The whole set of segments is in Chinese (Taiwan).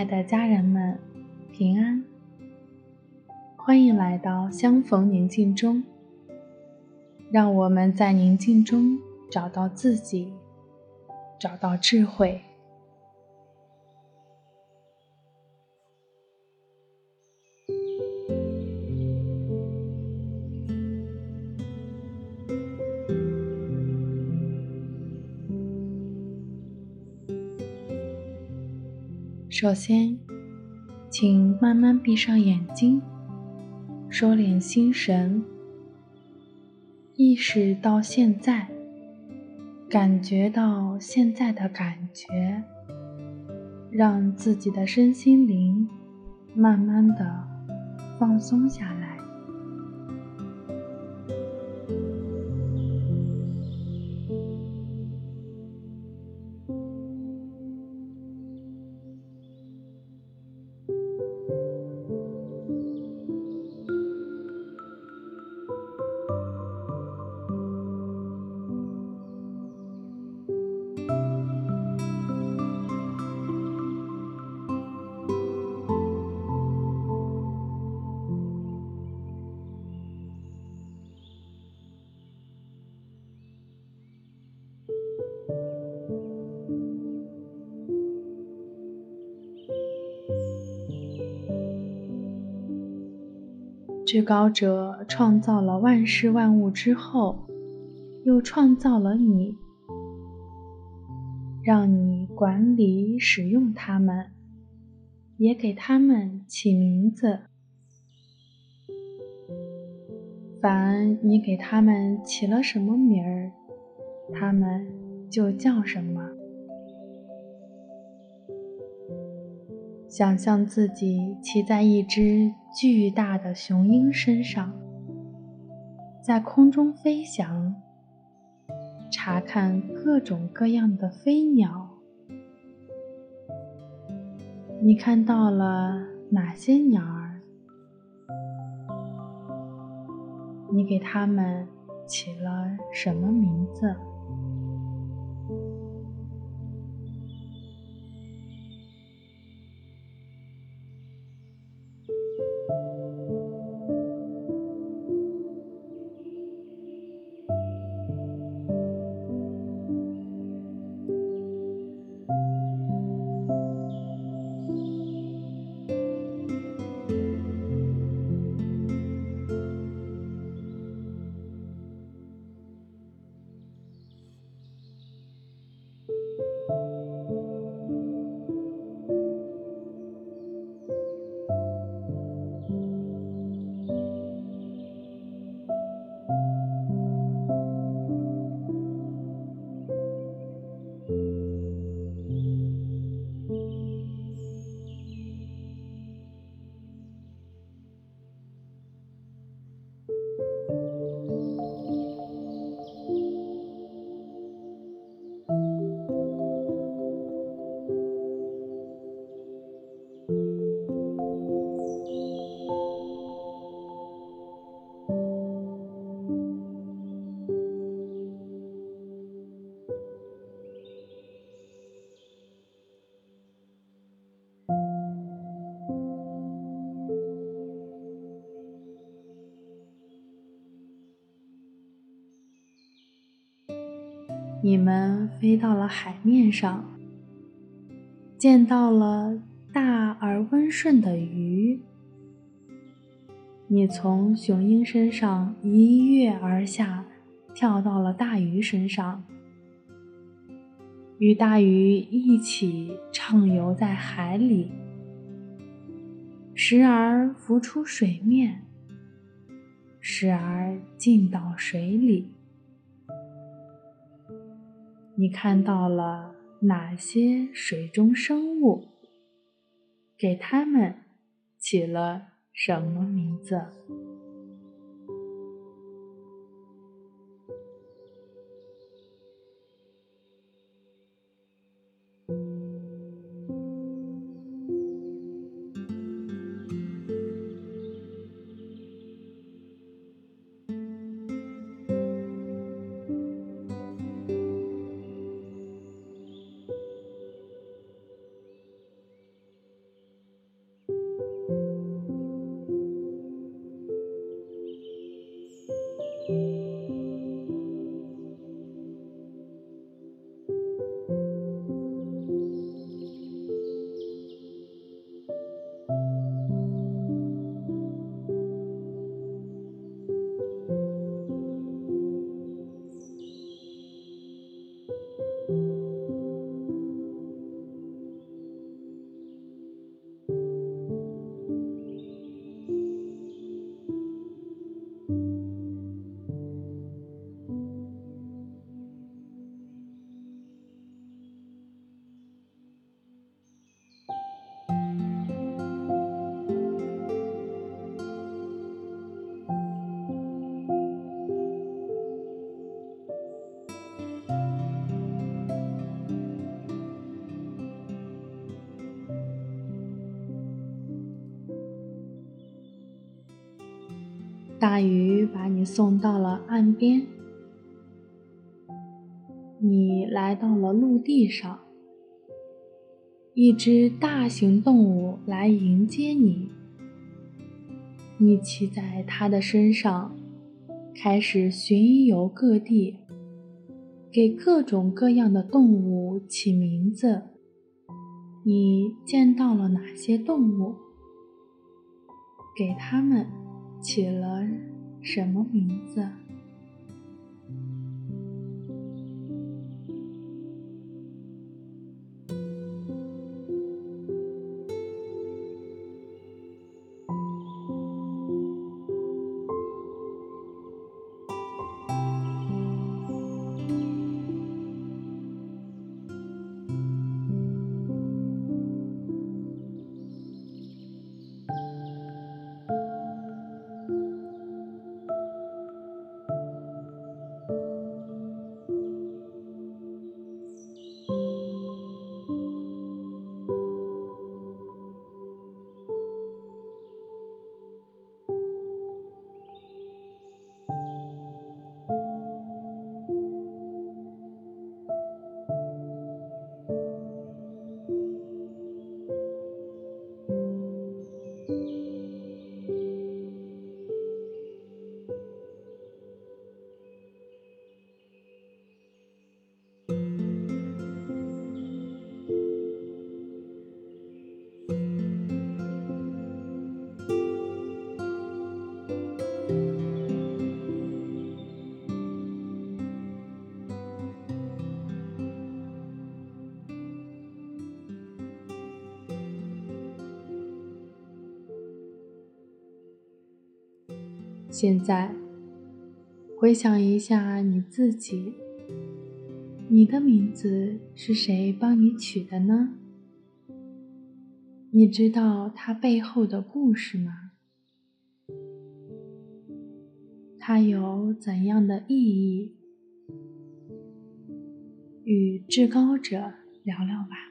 親愛的家人們，平安！歡迎來到相逢寧靜中，讓我們在寧靜中找到自己，找到智慧。首先，請慢慢閉上眼睛，收斂心神，意識到現在，感覺到現在的感覺，讓自己的身心靈慢慢的放鬆下來。至高者創造了萬事萬物之後，又創造了你，讓你管理使用它們，也給他們起名字。凡你給他們起了什麼名兒，他們就叫什麼。想象自己騎在一隻巨大的雄鷹身上，在空中飛翔，查看各種各樣的飛鳥。你看到了哪些鳥兒？你給它們起了什麼名字？你們飛到了海面上，見到了大而溫順的魚。你從雄鷹身上一躍而下，跳到了大魚身上，與大魚一起暢遊在海裡，時而浮出水面，時而進到水裡。你看到了哪些水中生物？給它們起了什麼名字？魚把你送到了岸邊，你來到了陸地上。一只大型動物來迎接你，你騎在它的身上，開始巡遊各地，給各種各樣的動物起名字。你見到了哪些動物？給他們起了什麼名字？現在，回想一下你自己，你的名字是誰幫你取的呢？你知道它背後的故事嗎？它有怎樣的意義？與至高者聊聊吧。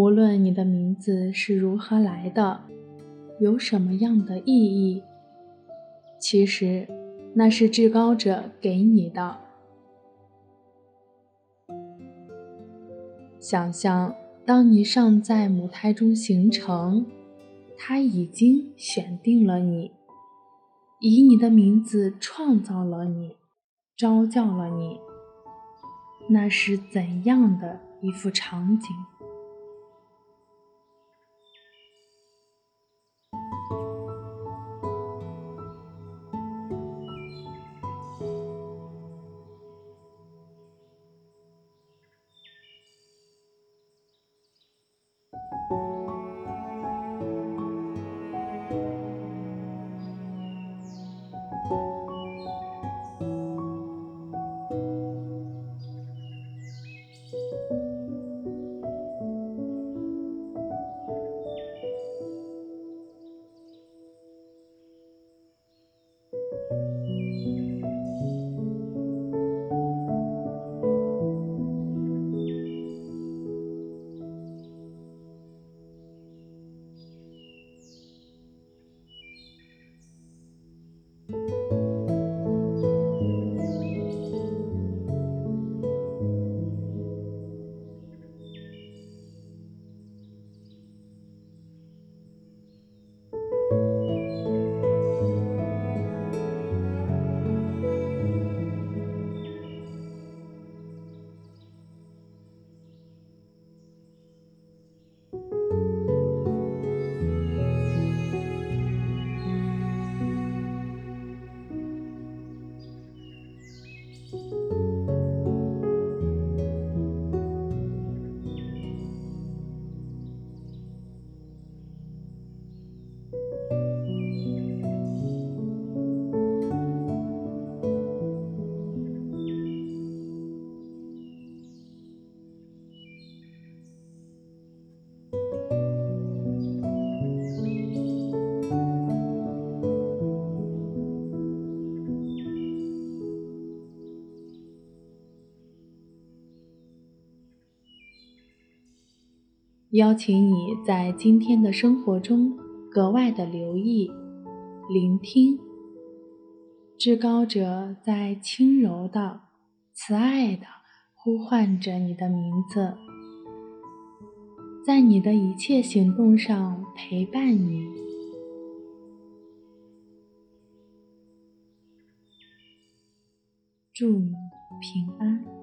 無論你的名字是如何來的，有什麼樣的意義，其實那是至高者給你的。想象當你尚在母胎中形成，他已經選定了你，以你的名字創造了你，召叫了你，那是怎樣的一幅場景？邀請你在今天的生活中格外的留意、聆聽，至高者在輕柔的、慈愛的呼喚着你的名字，在你的一切行動上陪伴你，祝你平安。